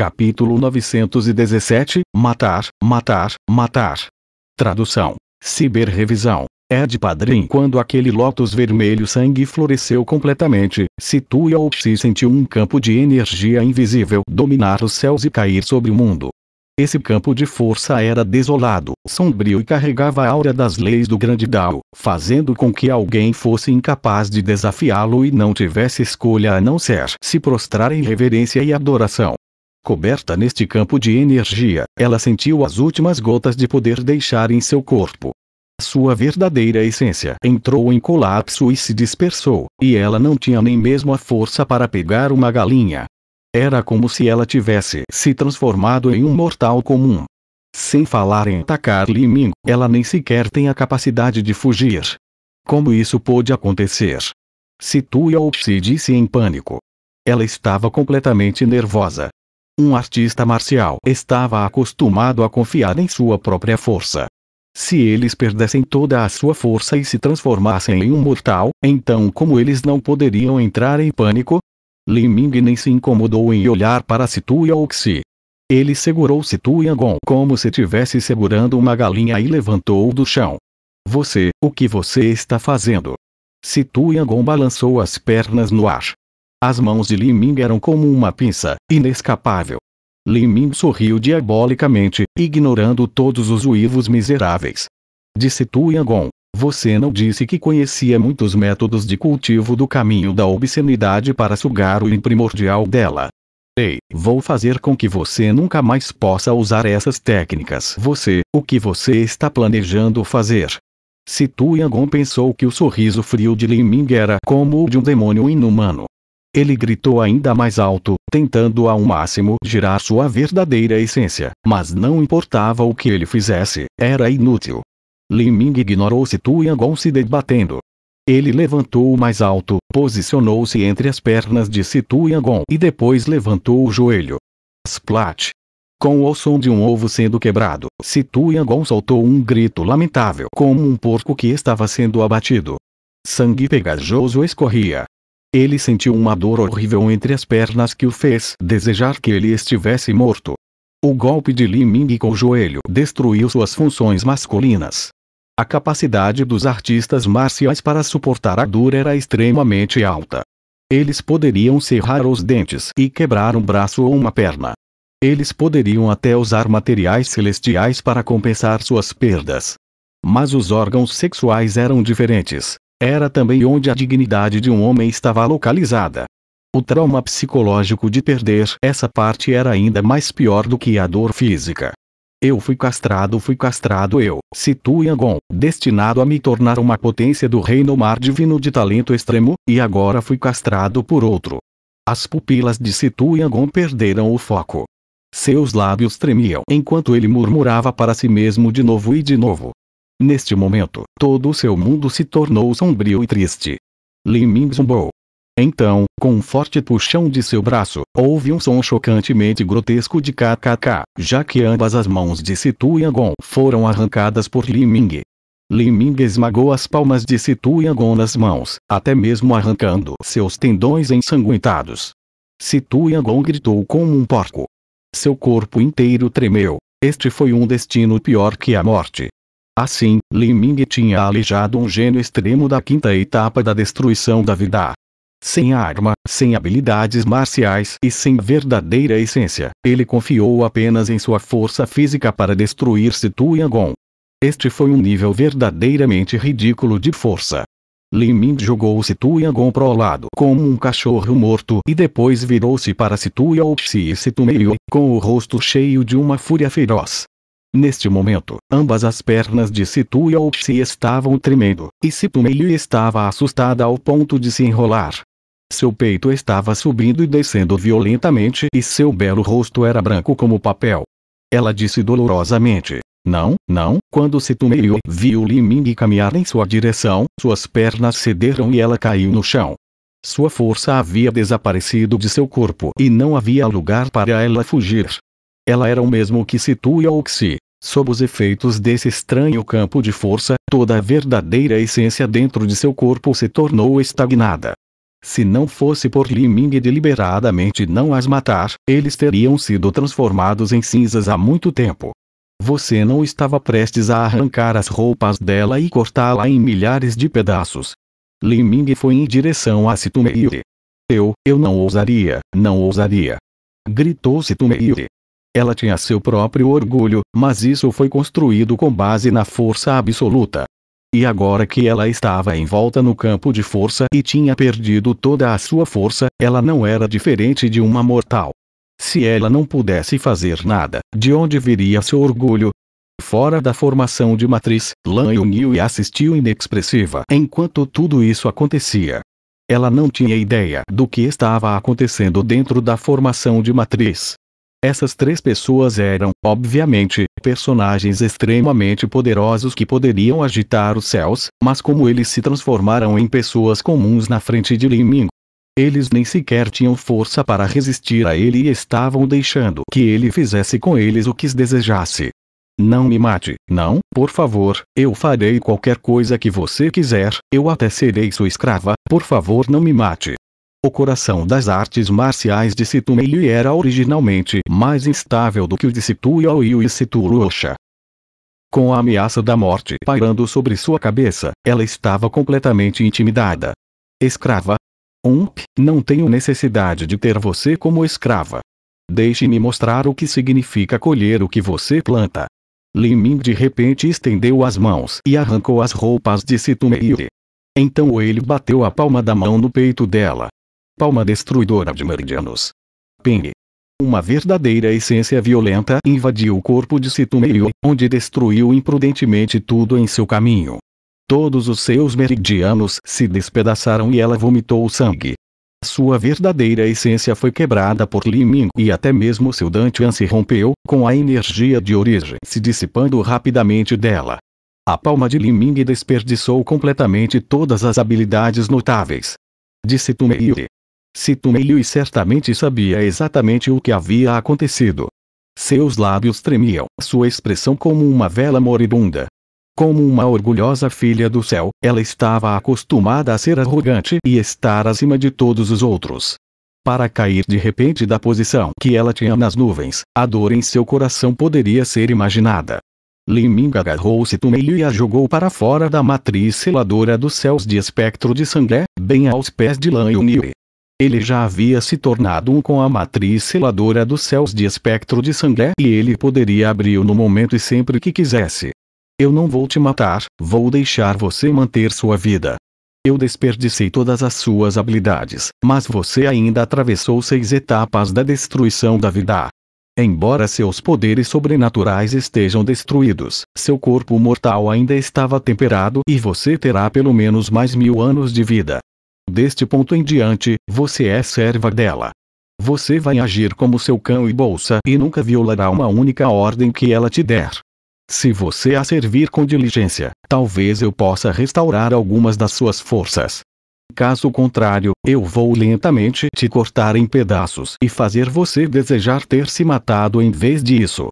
Capítulo 917 Matar, matar, matar. Tradução: Ciberrevisão. É Ed Padrinho. Quando aquele lótus vermelho sangue floresceu completamente, ou se sentiu um campo de energia invisível dominar os céus e cair sobre o mundo. Esse campo de força era desolado, sombrio e carregava a aura das leis do grande Dao, fazendo com que alguém fosse incapaz de desafiá-lo e não tivesse escolha a não ser se prostrar em reverência e adoração coberta neste campo de energia, ela sentiu as últimas gotas de poder deixar em seu corpo. Sua verdadeira essência entrou em colapso e se dispersou, e ela não tinha nem mesmo a força para pegar uma galinha. Era como se ela tivesse se transformado em um mortal comum. Sem falar em atacar Ming, ela nem sequer tem a capacidade de fugir. Como isso pôde acontecer? Situia se disse em pânico. Ela estava completamente nervosa, um artista marcial estava acostumado a confiar em sua própria força. Se eles perdessem toda a sua força e se transformassem em um mortal, então como eles não poderiam entrar em pânico? Li Ming nem se incomodou em olhar para Situ Yongxi. Ele segurou Situ Yangon como se estivesse segurando uma galinha e levantou do chão. Você, o que você está fazendo? Situ Yangon balançou as pernas no ar. As mãos de Li Ming eram como uma pinça, inescapável. Li Ming sorriu diabolicamente, ignorando todos os uivos miseráveis. Disse Tu Yangon, você não disse que conhecia muitos métodos de cultivo do caminho da obscenidade para sugar o imprimordial dela. Ei, vou fazer com que você nunca mais possa usar essas técnicas. Você, o que você está planejando fazer? Se Tu Yangon pensou que o sorriso frio de Li Ming era como o de um demônio inumano, ele gritou ainda mais alto, tentando ao máximo girar sua verdadeira essência, mas não importava o que ele fizesse, era inútil. Lin Ming ignorou Situ Yangon se debatendo. Ele levantou o mais alto, posicionou-se entre as pernas de Situ Yangon e depois levantou o joelho. Splat! Com o som de um ovo sendo quebrado, Situ Yangon soltou um grito lamentável como um porco que estava sendo abatido. Sangue pegajoso escorria. Ele sentiu uma dor horrível entre as pernas que o fez desejar que ele estivesse morto. O golpe de Li Ming com o joelho destruiu suas funções masculinas. A capacidade dos artistas marciais para suportar a dor era extremamente alta. Eles poderiam serrar os dentes e quebrar um braço ou uma perna. Eles poderiam até usar materiais celestiais para compensar suas perdas. Mas os órgãos sexuais eram diferentes, era também onde a dignidade de um homem estava localizada. O trauma psicológico de perder essa parte era ainda mais pior do que a dor física. Eu fui castrado, fui castrado eu, situ Yangon, destinado a me tornar uma potência do reino mar divino de talento extremo, e agora fui castrado por outro. As pupilas de Situ Yangon perderam o foco. Seus lábios tremiam enquanto ele murmurava para si mesmo de novo e de novo. Neste momento, todo o seu mundo se tornou sombrio e triste. Lin Ming zumbou. Então, com um forte puxão de seu braço, houve um som chocantemente grotesco de kkk, já que ambas as mãos de Situ Yangon foram arrancadas por Li Ming. Li Ming esmagou as palmas de Situ Yangon nas mãos, até mesmo arrancando seus tendões ensanguentados. Situ Yangon gritou como um porco. Seu corpo inteiro tremeu. Este foi um destino pior que a morte. Assim, Li Ming tinha alijado um gênio extremo da quinta etapa da destruição da vida. Sem arma, sem habilidades marciais e sem verdadeira essência, ele confiou apenas em sua força física para destruir Situ Yangon. Este foi um nível verdadeiramente ridículo de força. Li Ming jogou Situ Yangon pro lado como um cachorro morto e depois virou-se para Situ Yaoxi e Situ Meiyue, com o rosto cheio de uma fúria feroz. Neste momento, ambas as pernas de Situ e Outsi estavam tremendo, e Situmeio estava assustada ao ponto de se enrolar. Seu peito estava subindo e descendo violentamente e seu belo rosto era branco como papel. Ela disse dolorosamente, não, não, quando Situmeio viu Liming caminhar em sua direção, suas pernas cederam e ela caiu no chão. Sua força havia desaparecido de seu corpo e não havia lugar para ela fugir ela era o mesmo que situa e que sob os efeitos desse estranho campo de força, toda a verdadeira essência dentro de seu corpo se tornou estagnada. Se não fosse por Li Ming deliberadamente não as matar, eles teriam sido transformados em cinzas há muito tempo. Você não estava prestes a arrancar as roupas dela e cortá-la em milhares de pedaços. Li Ming foi em direção a Situmeire. Eu, eu não ousaria, não ousaria. Gritou Situmeire. Ela tinha seu próprio orgulho, mas isso foi construído com base na força absoluta. E agora que ela estava envolta no campo de força e tinha perdido toda a sua força, ela não era diferente de uma mortal. Se ela não pudesse fazer nada, de onde viria seu orgulho? Fora da formação de matriz, Lan uniu e assistiu inexpressiva enquanto tudo isso acontecia. Ela não tinha ideia do que estava acontecendo dentro da formação de matriz. Essas três pessoas eram, obviamente, personagens extremamente poderosos que poderiam agitar os céus, mas como eles se transformaram em pessoas comuns na frente de Lin Ming, eles nem sequer tinham força para resistir a ele e estavam deixando que ele fizesse com eles o que desejasse. Não me mate, não, por favor, eu farei qualquer coisa que você quiser, eu até serei sua escrava, por favor não me mate. O coração das artes marciais de Situmeili era originalmente mais instável do que o de Situyao e o Rocha. Com a ameaça da morte pairando sobre sua cabeça, ela estava completamente intimidada. Escrava? Ump, não tenho necessidade de ter você como escrava. Deixe-me mostrar o que significa colher o que você planta. Liming de repente estendeu as mãos e arrancou as roupas de Situmeire. Então ele bateu a palma da mão no peito dela. Palma destruidora de meridianos. Ping. Uma verdadeira essência violenta invadiu o corpo de Situmerio, onde destruiu imprudentemente tudo em seu caminho. Todos os seus meridianos se despedaçaram e ela vomitou o sangue. Sua verdadeira essência foi quebrada por Liming e até mesmo seu Dantian se rompeu, com a energia de origem se dissipando rapidamente dela. A palma de Liming desperdiçou completamente todas as habilidades notáveis. Disse Tumeiri, Situei-lhe e certamente sabia exatamente o que havia acontecido. Seus lábios tremiam, sua expressão como uma vela moribunda. Como uma orgulhosa filha do céu, ela estava acostumada a ser arrogante e estar acima de todos os outros. Para cair de repente da posição que ela tinha nas nuvens, a dor em seu coração poderia ser imaginada. Liming agarrou-se Tumelio e a jogou para fora da matriz seladora dos céus de espectro de sangue, bem aos pés de Lan Yunir. Ele já havia se tornado um com a matriz seladora dos céus de espectro de sangue e ele poderia abri-o no momento e sempre que quisesse. Eu não vou te matar, vou deixar você manter sua vida. Eu desperdicei todas as suas habilidades, mas você ainda atravessou seis etapas da destruição da vida. Embora seus poderes sobrenaturais estejam destruídos, seu corpo mortal ainda estava temperado e você terá pelo menos mais mil anos de vida. Deste ponto em diante, você é serva dela. Você vai agir como seu cão e bolsa e nunca violará uma única ordem que ela te der. Se você a servir com diligência, talvez eu possa restaurar algumas das suas forças. Caso contrário, eu vou lentamente te cortar em pedaços e fazer você desejar ter se matado em vez disso.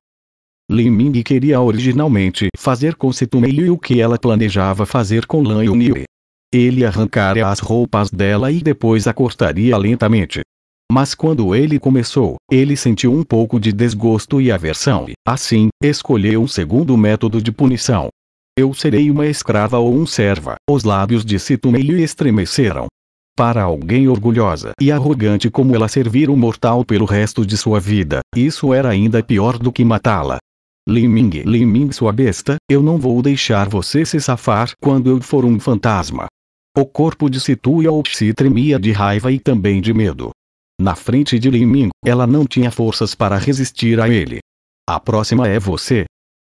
Lin Ming queria originalmente fazer com Situmei o que ela planejava fazer com Lan Yunyi. Ele arrancara as roupas dela e depois a cortaria lentamente. Mas quando ele começou, ele sentiu um pouco de desgosto e aversão e, assim, escolheu um segundo método de punição. Eu serei uma escrava ou um serva. Os lábios de Situme lhe estremeceram. Para alguém orgulhosa e arrogante como ela servir um mortal pelo resto de sua vida, isso era ainda pior do que matá-la. Liming, Liming sua besta, eu não vou deixar você se safar quando eu for um fantasma. O corpo de Situia se tremia de raiva e também de medo. Na frente de Liming, ela não tinha forças para resistir a ele. A próxima é você.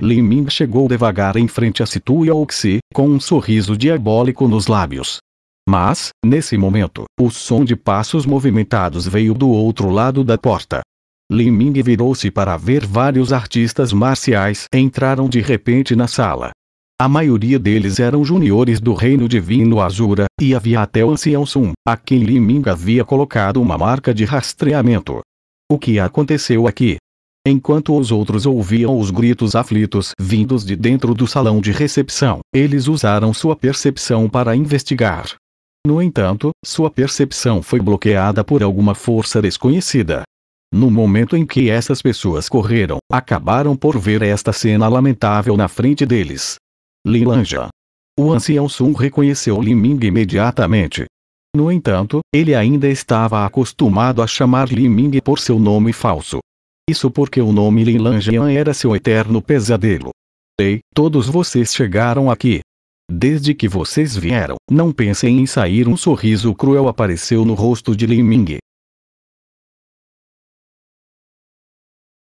Liming chegou devagar em frente a Situia Oxi, com um sorriso diabólico nos lábios. Mas, nesse momento, o som de passos movimentados veio do outro lado da porta. Liming virou-se para ver vários artistas marciais entraram de repente na sala. A maioria deles eram juniores do reino divino Azura, e havia até o ancião Sun, a quem Liming havia colocado uma marca de rastreamento. O que aconteceu aqui? Enquanto os outros ouviam os gritos aflitos vindos de dentro do salão de recepção, eles usaram sua percepção para investigar. No entanto, sua percepção foi bloqueada por alguma força desconhecida. No momento em que essas pessoas correram, acabaram por ver esta cena lamentável na frente deles. Lin Lilanja. O ancião Sun reconheceu Lin Ming imediatamente. No entanto, ele ainda estava acostumado a chamar Lin Ming por seu nome falso. Isso porque o nome Lin Lilanjian era seu eterno pesadelo. Ei, todos vocês chegaram aqui. Desde que vocês vieram, não pensem em sair um sorriso cruel apareceu no rosto de Lin Ming.